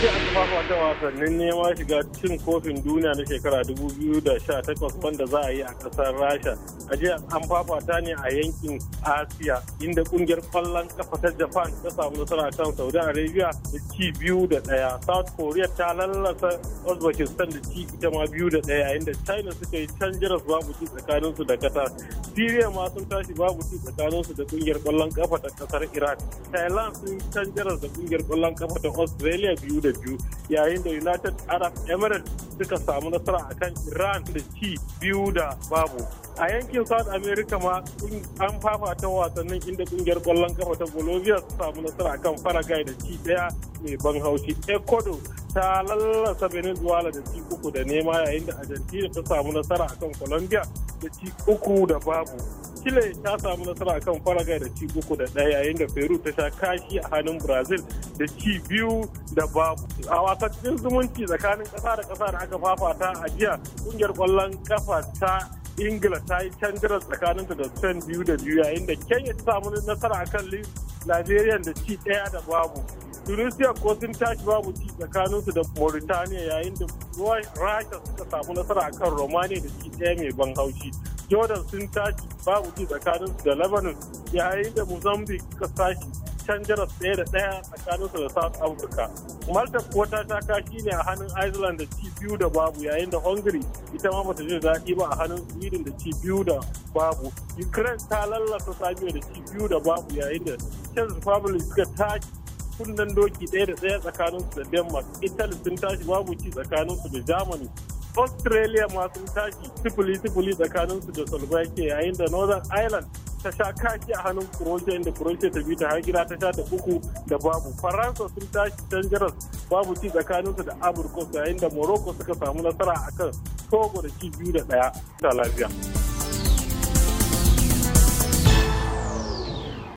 an aka fafata wasannin neman shiga cin kofin duniya na shekara 2018 wanda za a yi a kasar rasha a jiya an fafata ne a yankin asiya inda kungiyar kwallon kafa ta japan ta samu nasara kan saudi arabia da ci biyu da daya south korea ta lallasa uzbekistan da ci ita ma biyu da daya inda china suka yi can jiras babu ci su da qatar syria ma sun tashi babu ci su da kungiyar kwallon kafa ta kasar iraq thailand sun can jiras da kungiyar kwallon kafa ta australia biyu da biyu yayin da united arab emirates suka samu nasara akan iran da ci biyu da babu a yankin south america ma an fafata wasannin inda kungiyar kwallon kafa ta bolivia su samu nasara akan faragai da ci daya mai ban haushi ecuador ta lallasa venezuela da ci uku da nema yayin da argentina ta samu nasara akan colombia da ci uku da babu chile ta samu nasara akan faragai da ci uku da ɗaya yayin da peru ta sha kashi a hannun brazil da ci biyu da babu a wasannin zumunci tsakanin ƙasa da ƙasa da aka fafata a jiya ƙungiyar kwallon kafa ta ingila ta yi canjira tsakaninta da spain biyu da biyu yayin da kenya ta samu nasara akan najeriya da ci ɗaya da babu tunisia ko sun tashi babu ci tsakanin su da mauritania yayin da rasha suka samu nasara akan romania da ci ɗaya mai ban haushi jordan sun tashi babu ci tsakanin su da lebanon yayin da mozambique suka tashi can jaras ɗaya da ɗaya su da south africa malta ko ta ta kashi ne a hannun iceland da ci biyu da babu yayin da hungary ita ma bata ji daɗi ba a hannun sweden da ci biyu da babu ukraine ta lallasa sabiya da ci biyu da babu yayin da czech republic suka tashi kunnen doki ɗaya da ɗaya su da denmark italy sun tashi babu ci tsakanin su da germany australia ma sun tashi sifili sifili su da slovakia yayin da northern ireland ta sha kashi a hannun croatia inda croatia ta bi ta har gida ta sha ta uku da babu faransa sun tashi canjaras babu ci tsakanin su da amurka yayin da morocco suka samu nasara akan togo da ci biyu da ɗaya ta lafiya.